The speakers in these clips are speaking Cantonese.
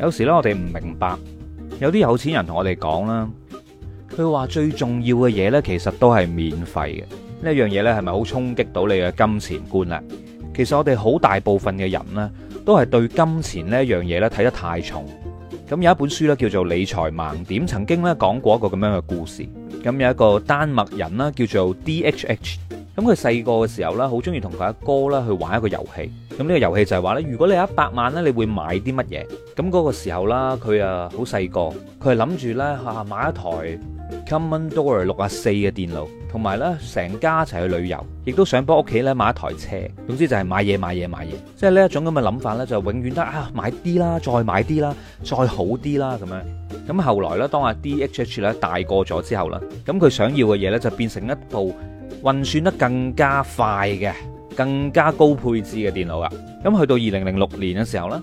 有時咧，我哋唔明白，有啲有錢人同我哋講啦，佢話最重要嘅嘢呢，其實都係免費嘅。呢樣嘢呢係咪好衝擊到你嘅金錢觀咧？其實我哋好大部分嘅人呢都係對金錢呢樣嘢呢睇得太重。咁有一本書呢叫做《理財盲點》，曾經呢講過一個咁樣嘅故事。咁有一個丹麥人啦，叫做 DHH，咁佢細個嘅時候呢，好中意同佢阿哥咧去玩一個遊戲。咁呢個遊戲就係話咧，如果你有一百萬咧，你會買啲乜嘢？咁嗰個時候啦，佢啊好細個，佢係諗住咧吓買一台 Commodore 六啊四嘅電腦，同埋咧成家一齊去旅遊，亦都想幫屋企咧買一台車。總之就係買嘢買嘢買嘢，即係呢一種咁嘅諗法咧，就永遠都啊買啲啦，再買啲啦，再好啲啦咁樣。咁後來咧，當阿 DHH 咧大個咗之後啦，咁佢想要嘅嘢咧就變成一部運算得更加快嘅。更加高配置嘅電腦啊！咁去到二零零六年嘅時候呢，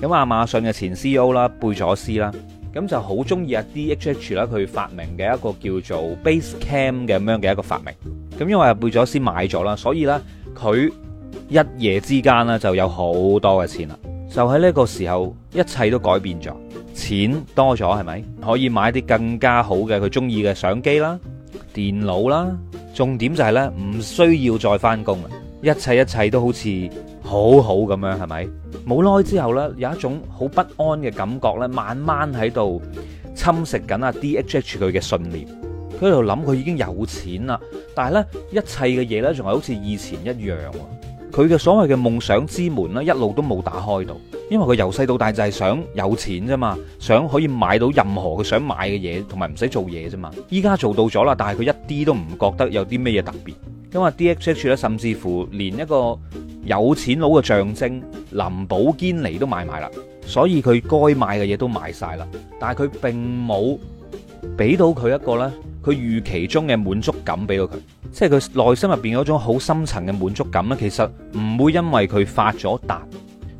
咁亞馬遜嘅前 C E O 啦，貝佐斯啦，咁就好中意啊 D H H 啦，佢發明嘅一個叫做 Basecam 嘅咁樣嘅一個發明。咁因為阿貝佐斯買咗啦，所以呢，佢一夜之間呢就有好多嘅錢啦。就喺呢個時候，一切都改變咗，錢多咗係咪可以買啲更加好嘅佢中意嘅相機啦、電腦啦？重點就係呢，唔需要再翻工啊！一切一切都好似好好咁樣，係咪？冇耐之後呢，有一種好不安嘅感覺呢，慢慢喺度侵蝕緊阿 DHH 佢嘅信念。佢喺度諗，佢已經有錢啦，但係呢，一切嘅嘢呢，仲係好似以前一樣。佢嘅所謂嘅夢想之門呢，一路都冇打開到，因為佢由細到大就係想有錢啫嘛，想可以買到任何佢想買嘅嘢，同埋唔使做嘢啫嘛。依家做到咗啦，但係佢一啲都唔覺得有啲咩嘢特別。因為 D H H 咧，甚至乎連一個有錢佬嘅象徵林寶堅尼都買埋啦，所以佢該買嘅嘢都買晒啦。但係佢並冇俾到佢一個咧，佢預期中嘅滿足感俾到佢，即係佢內心入邊嗰種好深層嘅滿足感咧。其實唔會因為佢發咗達，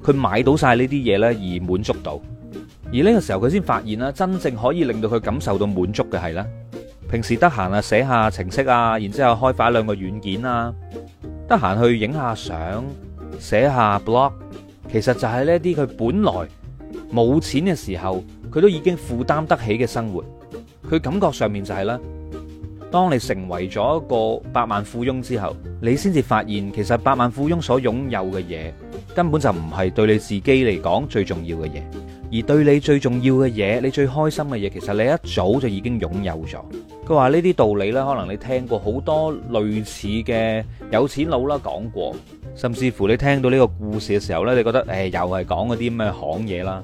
佢買到晒呢啲嘢咧而滿足到。而呢個時候佢先發現啦，真正可以令到佢感受到滿足嘅係咧。平時得閒啊，寫下程式啊，然之後開發一兩個軟件啊，得閒去影下相，寫下 blog，其實就係呢啲佢本來冇錢嘅時候，佢都已經負擔得起嘅生活。佢感覺上面就係啦。當你成為咗一個百萬富翁之後，你先至發現，其實百萬富翁所擁有嘅嘢，根本就唔係對你自己嚟講最重要嘅嘢，而對你最重要嘅嘢，你最開心嘅嘢，其實你一早就已經擁有咗。佢話呢啲道理呢，可能你聽過好多類似嘅有錢佬啦講過，甚至乎你聽到呢個故事嘅時候呢，你覺得誒、哎、又係講嗰啲咩行嘢啦？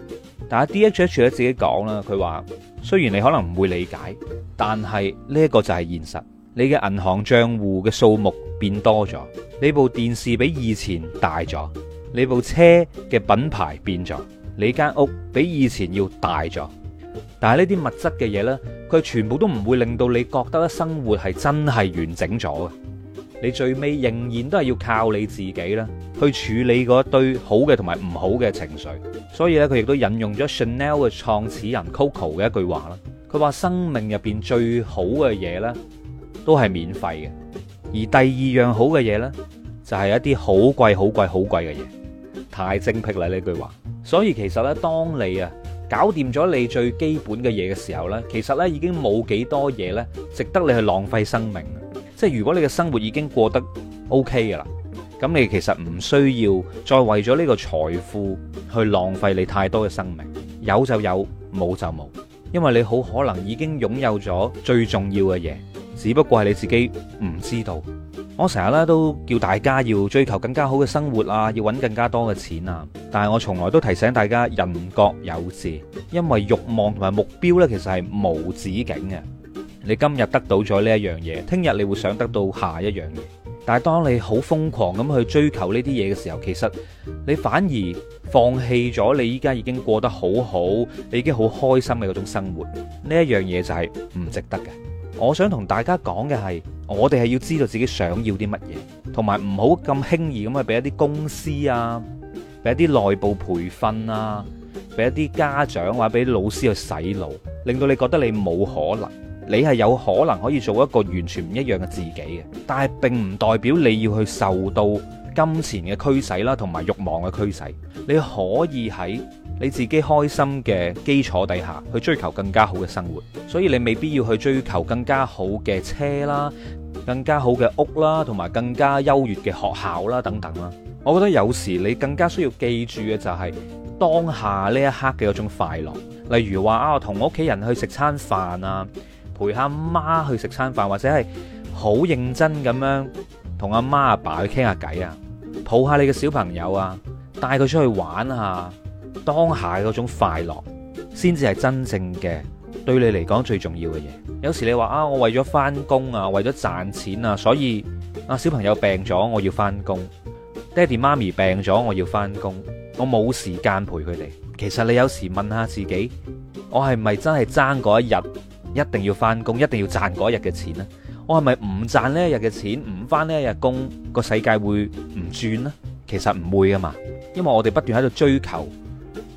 但係 DHH 咧自己講啦，佢話雖然你可能唔會理解，但係呢一個就係現實。你嘅銀行賬戶嘅數目變多咗，你部電視比以前大咗，你部車嘅品牌變咗，你間屋比以前要大咗。但係呢啲物質嘅嘢呢，佢全部都唔會令到你覺得生活係真係完整咗嘅。你最尾仍然都係要靠你自己啦，去處理嗰對好嘅同埋唔好嘅情緒。所以咧，佢亦都引用咗 Chanel 嘅創始人 Coco 嘅一句話啦。佢話生命入邊最好嘅嘢呢，都係免費嘅。而第二樣好嘅嘢呢，就係一啲好貴、好貴、好貴嘅嘢。太精辟啦呢句話。所以其實呢，當你啊，搞掂咗你最基本嘅嘢嘅時候咧，其實咧已經冇幾多嘢咧，值得你去浪費生命。即係如果你嘅生活已經過得 OK 噶啦，咁你其實唔需要再為咗呢個財富去浪費你太多嘅生命。有就有，冇就冇，因為你好可能已經擁有咗最重要嘅嘢，只不過係你自己唔知道。我成日咧都叫大家要追求更加好嘅生活啊，要揾更加多嘅錢啊，但係我從來都提醒大家，人各有志，因為欲望同埋目標咧，其實係無止境嘅。你今日得到咗呢一樣嘢，聽日你會想得到下一樣嘢。但係當你好瘋狂咁去追求呢啲嘢嘅時候，其實你反而放棄咗你依家已經過得好好，你已經好開心嘅嗰種生活。呢一樣嘢就係唔值得嘅。我想同大家講嘅係，我哋係要知道自己想要啲乜嘢，同埋唔好咁輕易咁去俾一啲公司啊，俾一啲內部培訓啊，俾一啲家長或者俾老師去洗腦，令到你覺得你冇可能，你係有可能可以做一個完全唔一樣嘅自己嘅，但係並唔代表你要去受到金錢嘅驅使啦、啊，同埋慾望嘅驅使，你可以喺你自己開心嘅基礎底下，去追求更加好嘅生活，所以你未必要去追求更加好嘅車啦、更加好嘅屋啦，同埋更加優越嘅學校啦等等啦。我覺得有時你更加需要記住嘅就係當下呢一刻嘅嗰種快樂，例如話啊，我同屋企人去食餐飯啊，陪下媽去食餐飯，或者係好認真咁樣同阿媽阿爸去傾下偈啊，抱下你嘅小朋友啊，帶佢出去玩下。當下嘅嗰種快樂，先至係真正嘅對你嚟講最重要嘅嘢。有時你話啊，我為咗翻工啊，為咗賺錢啊，所以啊，小朋友病咗，我要翻工；爹地媽咪病咗，我要翻工。我冇時間陪佢哋。其實你有時問下自己，我係咪真係爭嗰一日一定要翻工，一定要賺嗰一日嘅錢呢？我係咪唔賺呢一日嘅錢，唔翻呢一日工，個世界會唔轉呢？其實唔會㗎嘛，因為我哋不斷喺度追求。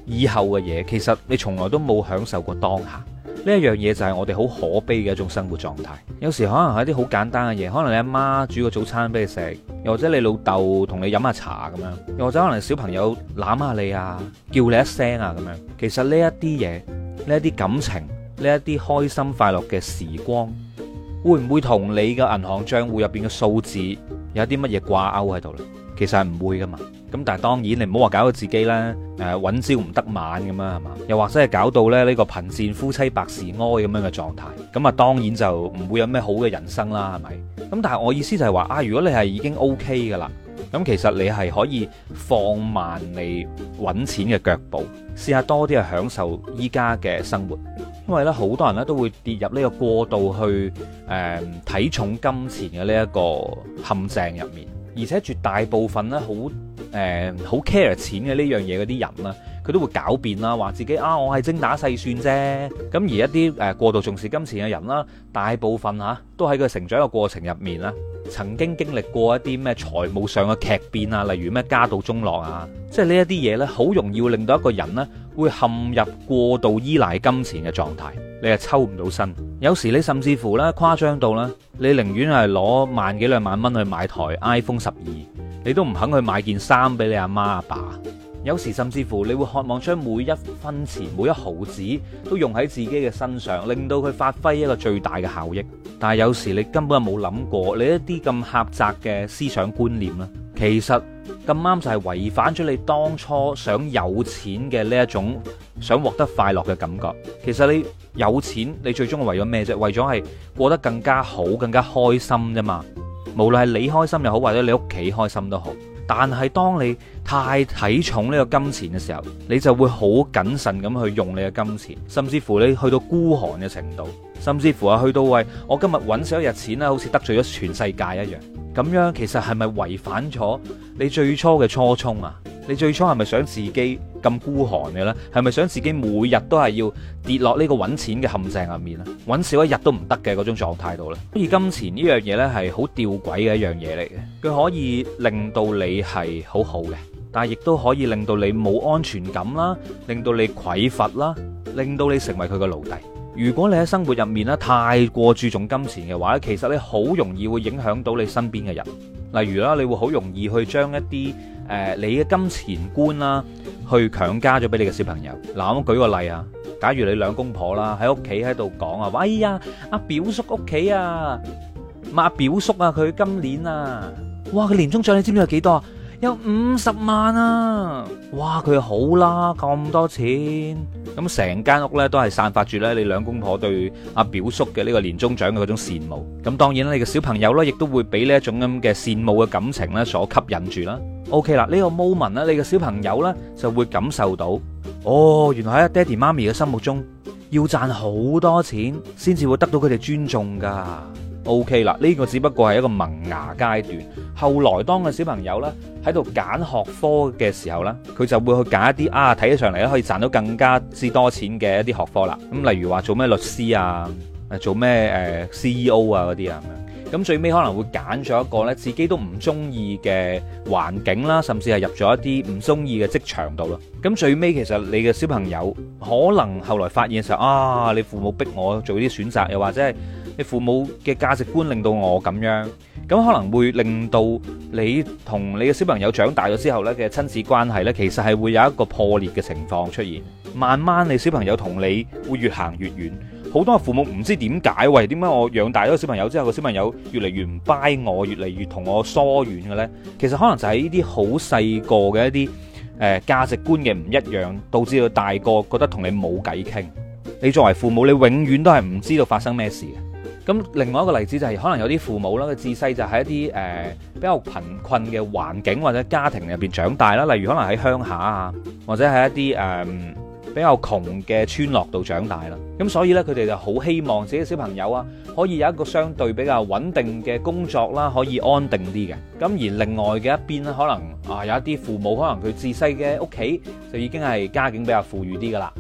以後嘅嘢，其實你從來都冇享受過當下呢一樣嘢，就係我哋好可悲嘅一種生活狀態。有時可能係一啲好簡單嘅嘢，可能你阿媽煮個早餐俾你食，又或者你老豆同你飲下茶咁樣，又或者可能小朋友攬下你啊，叫你一聲啊咁樣。其實呢一啲嘢，呢一啲感情，呢一啲開心快樂嘅時光，會唔會同你嘅銀行帳戶入邊嘅數字有啲乜嘢掛鈎喺度呢？其實係唔會噶嘛，咁但係當然你唔好話搞到自己咧，誒揾朝唔得晚咁啊，係嘛？又或者係搞到呢、這個貧賤夫妻百事哀咁樣嘅狀態，咁、嗯、啊當然就唔會有咩好嘅人生啦，係咪？咁但係我意思就係話啊，如果你係已經 OK 噶啦，咁、嗯、其實你係可以放慢你揾錢嘅腳步，試下多啲去享受依家嘅生活，因為呢，好多人呢都會跌入呢個過度去誒睇、呃、重金錢嘅呢一個陷阱入面。而且絕大部分咧，好、呃、誒，好 care 錢嘅呢樣嘢嗰啲人啦。佢都會狡辯啦，話自己啊，我係精打細算啫。咁而一啲誒、呃、過度重視金錢嘅人啦，大部分嚇、啊、都喺佢成長嘅過程入面啦、啊，曾經經歷過一啲咩財務上嘅劇變啊，例如咩家道中落啊，即係呢一啲嘢呢，好容易令到一個人呢，會陷入過度依賴金錢嘅狀態，你係抽唔到身。有時你甚至乎呢，誇張到呢，你寧願係攞萬幾兩萬蚊去買台 iPhone 十二，你都唔肯去買件衫俾你阿媽阿爸。有時甚至乎你會渴望將每一分錢，每一毫子都用喺自己嘅身上，令到佢發揮一個最大嘅效益。但係有時你根本就冇諗過你一啲咁狹窄嘅思想觀念啦。其實咁啱就係違反咗你當初想有錢嘅呢一種想獲得快樂嘅感覺。其實你有錢，你最終係為咗咩啫？為咗係過得更加好、更加開心啫嘛。無論係你開心又好，或者你屋企開心都好。但係當你太睇重呢個金錢嘅時候，你就會好謹慎咁去用你嘅金錢，甚至乎你去到孤寒嘅程度，甚至乎啊去到喂，我今日揾少一日錢啦，好似得罪咗全世界一樣。咁樣其實係咪違反咗你最初嘅初衷啊？你最初係咪想自己咁孤寒嘅咧？係咪想自己每日都係要跌落呢個揾錢嘅陷阱入面咧？揾少一日都唔得嘅嗰種狀態度咧？而金錢呢樣嘢呢，係好吊詭嘅一樣嘢嚟嘅，佢可以令到你係好好嘅，但係亦都可以令到你冇安全感啦，令到你匱乏啦，令到你成為佢嘅奴隸。如果你喺生活入面咧，太過注重金錢嘅話，其實你好容易會影響到你身邊嘅人，例如啦，你會好容易去將一啲。誒、呃，你嘅金錢觀啦、啊，去強加咗俾你嘅小朋友。嗱、呃，我舉個例啊，假如你兩公婆啦喺屋企喺度講啊，喂呀、啊，阿、啊、表叔屋企啊，咪、啊、阿表叔啊，佢今年啊，哇，佢年終獎你知唔知有幾多？有五十萬啊！哇，佢好啦、啊，咁多錢，咁成間屋呢都係散發住呢。你兩公婆對阿表叔嘅呢個年終獎嘅嗰種羨慕，咁當然你嘅小朋友呢亦都會俾呢一種咁嘅羨慕嘅感情呢所吸引住啦。OK 啦，呢、呢個 moment 咧你嘅小朋友呢就會感受到，哦，原來喺爹地媽咪嘅心目中要賺好多錢先至會得到佢哋尊重噶。OK 啦，呢個只不過係一個萌芽階段。後來當個小朋友呢喺度揀學科嘅時候呢，佢就會去揀一啲啊睇起上嚟咧可以賺到更加之多錢嘅一啲學科啦。咁例如話做咩律師啊，做咩誒 CEO 啊嗰啲啊咁樣。咁最尾可能會揀咗一個呢自己都唔中意嘅環境啦，甚至係入咗一啲唔中意嘅職場度咯。咁最尾其實你嘅小朋友可能後來發現嘅時候啊，你父母逼我做呢啲選擇，又或者係。你父母嘅價值觀令到我咁樣，咁可能會令到你同你嘅小朋友長大咗之後呢嘅親子關係呢，其實係會有一個破裂嘅情況出現。慢慢你小朋友同你會越行越遠。好多父母唔知點解，喂，點解我養大咗小朋友之後，個小朋友越嚟越唔拜我，越嚟越同我疏遠嘅呢？其實可能就喺呢啲好細個嘅一啲誒、呃、價值觀嘅唔一樣，導致到大個覺得同你冇偈傾。你作為父母，你永遠都係唔知道發生咩事嘅。咁另外一個例子就係、是、可能有啲父母啦，佢自細就喺一啲誒、呃、比較貧困嘅環境或者家庭入邊長大啦，例如可能喺鄉下啊，或者喺一啲誒、呃、比較窮嘅村落度長大啦。咁所以呢，佢哋就好希望自己小朋友啊，可以有一個相對比較穩定嘅工作啦，可以安定啲嘅。咁而另外嘅一邊呢，可能啊有一啲父母可能佢自細嘅屋企就已經係家境比較富裕啲噶啦。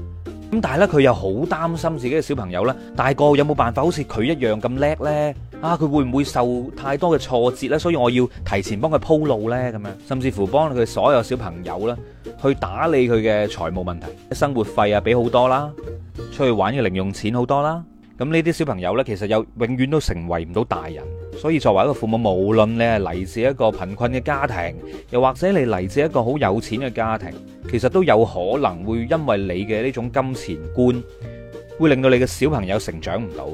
咁但係咧，佢又好擔心自己嘅小朋友呢，大個有冇辦法好似佢一樣咁叻呢？啊，佢會唔會受太多嘅挫折呢？所以我要提前幫佢鋪路呢。咁樣甚至乎幫佢所有小朋友啦，去打理佢嘅財務問題、生活費啊，俾好多啦，出去玩嘅零用錢好多啦。咁呢啲小朋友呢，其實又永遠都成為唔到大人。所以作為一個父母，無論你係嚟自一個貧困嘅家庭，又或者你嚟自一個好有錢嘅家庭，其實都有可能會因為你嘅呢種金錢觀，會令到你嘅小朋友成長唔到，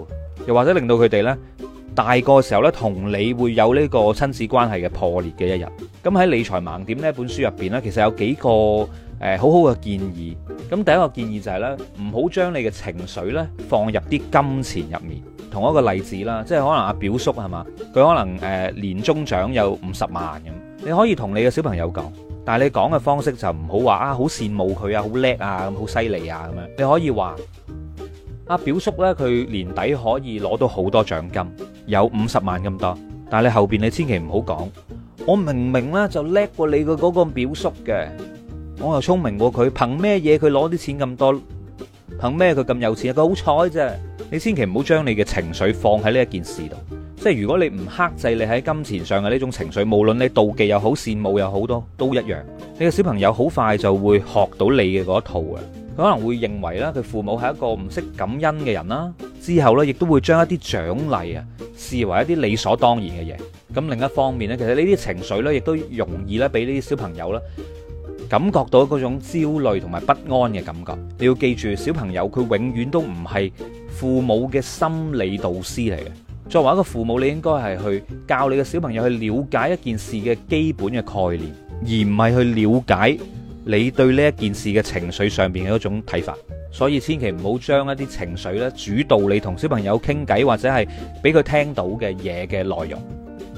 又或者令到佢哋呢大個嘅時候呢，同你會有呢個親子關係嘅破裂嘅一日。咁喺理財盲點呢本書入邊呢，其實有幾個誒、呃、好好嘅建議。咁第一個建議就係、是、呢：唔好將你嘅情緒呢放入啲金錢入面。同一個例子啦，即係可能阿表叔係嘛，佢可能誒年終獎有五十萬咁，你可以同你嘅小朋友講，但係你講嘅方式就唔好話啊，好羨慕佢啊，好叻啊咁，好犀利啊咁樣，你可以話阿表叔呢，佢年底可以攞到好多獎金，有五十萬咁多，但係你後邊你千祈唔好講，我明明呢就叻過你嘅嗰個表叔嘅，我又聰明過佢，憑咩嘢佢攞啲錢咁多？憑咩佢咁有錢？佢好彩啫。你千祈唔好將你嘅情緒放喺呢一件事度，即係如果你唔克制你喺金錢上嘅呢種情緒，無論你妒忌又好、羨慕又好，多都一樣。你嘅小朋友好快就會學到你嘅嗰一套嘅，佢可能會認為咧，佢父母係一個唔識感恩嘅人啦。之後咧，亦都會將一啲獎勵啊視為一啲理所當然嘅嘢。咁另一方面咧，其實呢啲情緒咧，亦都容易咧，俾呢啲小朋友咧感覺到嗰種焦慮同埋不安嘅感覺。你要記住，小朋友佢永遠都唔係父母嘅心理導師嚟嘅。作為一個父母，你應該係去教你嘅小朋友去了解一件事嘅基本嘅概念，而唔係去了解你對呢一件事嘅情緒上邊嘅一種睇法。所以千祈唔好將一啲情緒呢，主導你同小朋友傾偈，或者係俾佢聽到嘅嘢嘅內容，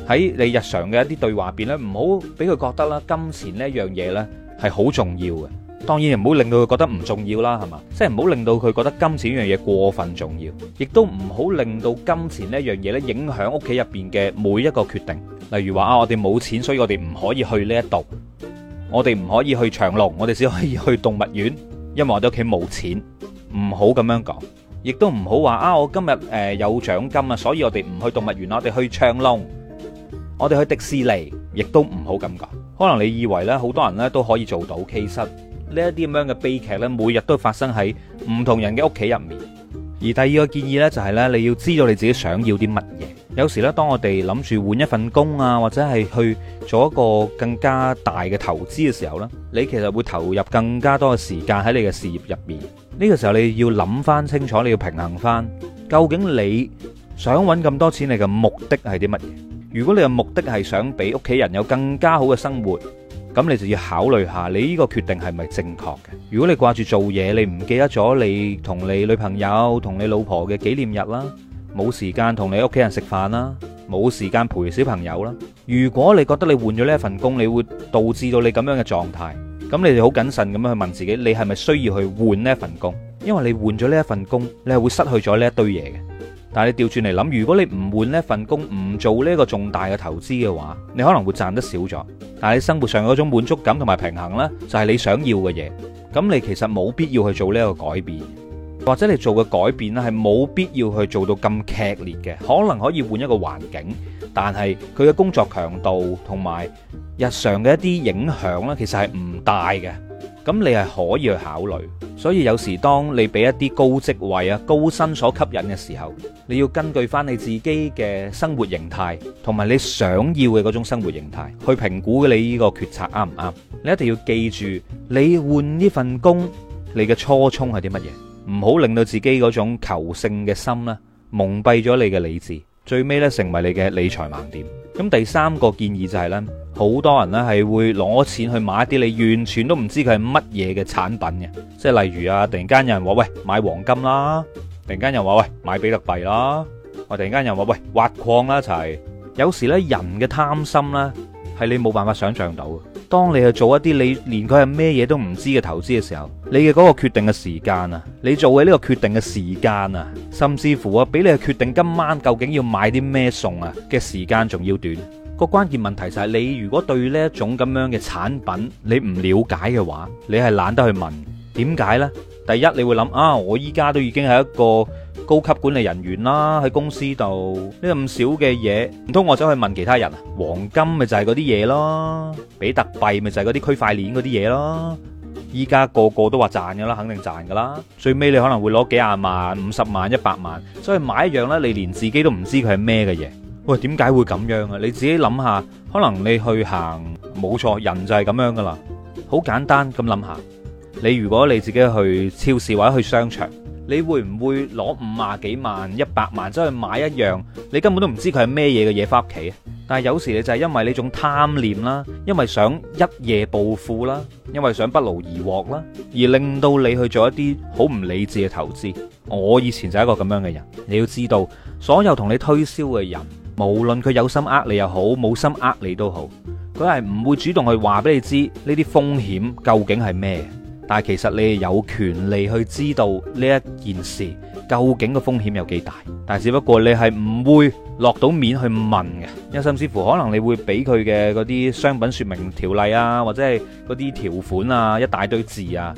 喺你日常嘅一啲對話邊呢，唔好俾佢覺得啦，金錢呢一樣嘢呢係好重要嘅。當然唔好令到佢覺得唔重要啦，係嘛？即係唔好令到佢覺得金錢呢樣嘢過分重要，亦都唔好令到金錢呢一樣嘢咧影響屋企入邊嘅每一個決定。例如話啊，我哋冇錢，所以我哋唔可以去呢一度，我哋唔可以去長隆，我哋只可以去動物園，因為我哋屋企冇錢。唔好咁樣講，亦都唔好話啊，我今日誒有獎金啊，所以我哋唔去動物園，我哋去長隆，我哋去迪士尼，亦都唔好咁講。可能你以為咧，好多人咧都可以做到，其實。呢一啲咁樣嘅悲劇呢，每日都發生喺唔同人嘅屋企入面。而第二個建議呢，就係呢，你要知道你自己想要啲乜嘢。有時呢，當我哋諗住換一份工啊，或者係去做一個更加大嘅投資嘅時候呢，你其實會投入更加多嘅時間喺你嘅事業入面。呢個時候你要諗翻清楚，你要平衡翻，究竟你想揾咁多錢，你嘅目的係啲乜嘢？如果你嘅目的係想俾屋企人有更加好嘅生活。咁你就要考慮下，你呢個決定係咪正確嘅？如果你掛住做嘢，你唔記得咗你同你女朋友、同你老婆嘅紀念日啦，冇時間同你屋企人食飯啦，冇時間陪小朋友啦。如果你覺得你換咗呢一份工，你會導致到你咁樣嘅狀態，咁你就好謹慎咁樣去問自己，你係咪需要去換呢一份工？因為你換咗呢一份工，你係會失去咗呢一堆嘢嘅。但係你調轉嚟諗，如果你唔換呢份工，唔做呢個重大嘅投資嘅話，你可能會賺得少咗。但係你生活上嗰種滿足感同埋平衡呢，就係你想要嘅嘢。咁你其實冇必要去做呢一個改變，或者你做嘅改變呢，係冇必要去做到咁劇烈嘅。可能可以換一個環境，但係佢嘅工作強度同埋日常嘅一啲影響呢，其實係唔大嘅。咁你係可以去考慮，所以有時當你俾一啲高職位啊、高薪所吸引嘅時候，你要根據翻你自己嘅生活形態，同埋你想要嘅嗰種生活形態，去評估你呢個決策啱唔啱。你一定要記住，你換呢份工，你嘅初衷係啲乜嘢？唔好令到自己嗰種求勝嘅心咧，蒙蔽咗你嘅理智。最尾咧，成為你嘅理財盲點。咁第三個建議就係呢：好多人呢係會攞錢去買一啲你完全都唔知佢係乜嘢嘅產品嘅，即係例如啊，突然間有人話喂，買黃金啦，突然間又話喂，買比特幣啦，我突然間又話喂，挖礦啦，一齊，有時呢，人嘅貪心啦。係你冇辦法想象到嘅。當你去做一啲你連佢係咩嘢都唔知嘅投資嘅時候，你嘅嗰個決定嘅時間啊，你做嘅呢個決定嘅時間啊，甚至乎啊，比你去決定今晚究竟要買啲咩餸啊嘅時間仲要短。個關鍵問題就係，你如果對呢一種咁樣嘅產品你唔了解嘅話，你係懶得去問點解呢？」第一，你會諗啊，我依家都已經係一個高級管理人員啦，喺公司度呢咁少嘅嘢，唔通我走去問其他人啊？黃金咪就係嗰啲嘢咯，比特幣咪就係嗰啲區塊鏈嗰啲嘢咯。依家個個都話賺噶啦，肯定賺噶啦。最尾你可能會攞幾廿萬、五十萬、一百萬，所以買一樣咧，你連自己都唔知佢係咩嘅嘢。喂，點解會咁樣啊？你自己諗下，可能你去行，冇錯，人就係咁樣噶啦，好簡單咁諗下。你如果你自己去超市或者去商場，你會唔會攞五啊幾萬、一百萬，走去買一樣？你根本都唔知佢係咩嘢嘅嘢，翻屋企。但係有時你就係因為你仲貪念啦，因為想一夜暴富啦，因為想不勞而獲啦，而令到你去做一啲好唔理智嘅投資。我以前就係一個咁樣嘅人。你要知道，所有同你推銷嘅人，無論佢有心呃你又好，冇心呃你都好，佢係唔會主動去話俾你知呢啲風險究竟係咩。但其實你有權利去知道呢一件事究竟嘅風險有幾大，但只不過你係唔會落到面去問嘅，因甚至乎可能你會俾佢嘅嗰啲商品說明條例啊，或者係嗰啲條款啊，一大堆字啊，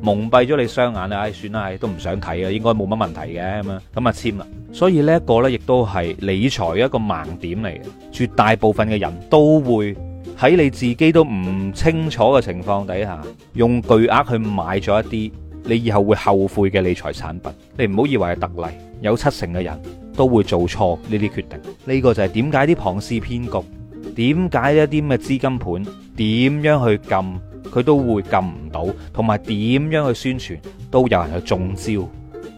蒙蔽咗你雙眼啦，唉、哎，算啦，都唔想睇嘅，應該冇乜問題嘅咁樣，咁啊簽啦。所以呢一個呢，亦都係理財一個盲點嚟嘅，絕大部分嘅人都會，喺你自己都唔清楚嘅情況底下，用巨額去買咗一啲你以後會後悔嘅理財產品，你唔好以為係特例，有七成嘅人都會做錯呢啲決定。呢、這個就係點解啲龐氏騙局，點解一啲咩資金盤，點樣去撳佢都會撳唔到，同埋點樣去宣傳都有人去中招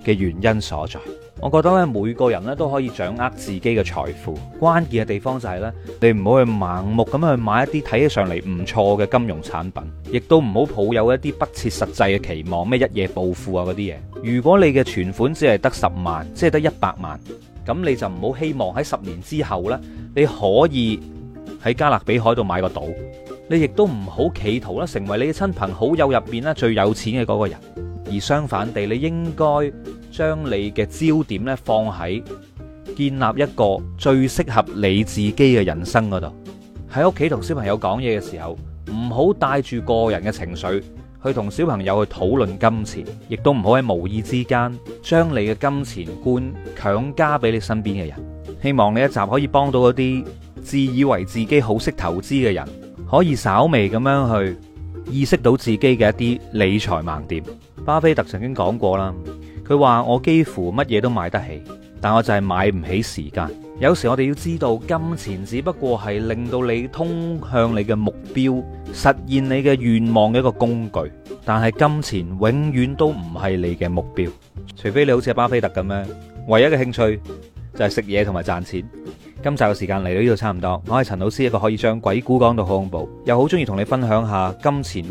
嘅原因所在。我覺得咧，每個人咧都可以掌握自己嘅財富。關鍵嘅地方就係咧，你唔好去盲目咁去買一啲睇起上嚟唔錯嘅金融產品，亦都唔好抱有一啲不切實際嘅期望，咩一夜暴富啊嗰啲嘢。如果你嘅存款只係得十萬，即係得一百萬，咁你就唔好希望喺十年之後呢，你可以喺加勒比海度買個島。你亦都唔好企圖咧成為你嘅親朋好友入邊咧最有錢嘅嗰個人。而相反地，你應該。將你嘅焦點咧放喺建立一個最適合你自己嘅人生嗰度。喺屋企同小朋友講嘢嘅時候，唔好帶住個人嘅情緒去同小朋友去討論金錢，亦都唔好喺無意之間將你嘅金錢觀強加俾你身邊嘅人。希望呢一集可以幫到一啲自以為自己好識投資嘅人，可以稍微咁樣去意識到自己嘅一啲理財盲點。巴菲特曾經講過啦。佢話：我幾乎乜嘢都買得起，但我就係買唔起時間。有時我哋要知道，金錢只不過係令到你通向你嘅目標、實現你嘅願望嘅一個工具。但係金錢永遠都唔係你嘅目標，除非你好似巴菲特咁樣，唯一嘅興趣就係食嘢同埋賺錢。今集嘅時間嚟到呢度差唔多，我係陳老師，一個可以將鬼故講到好恐怖，又好中意同你分享下金錢。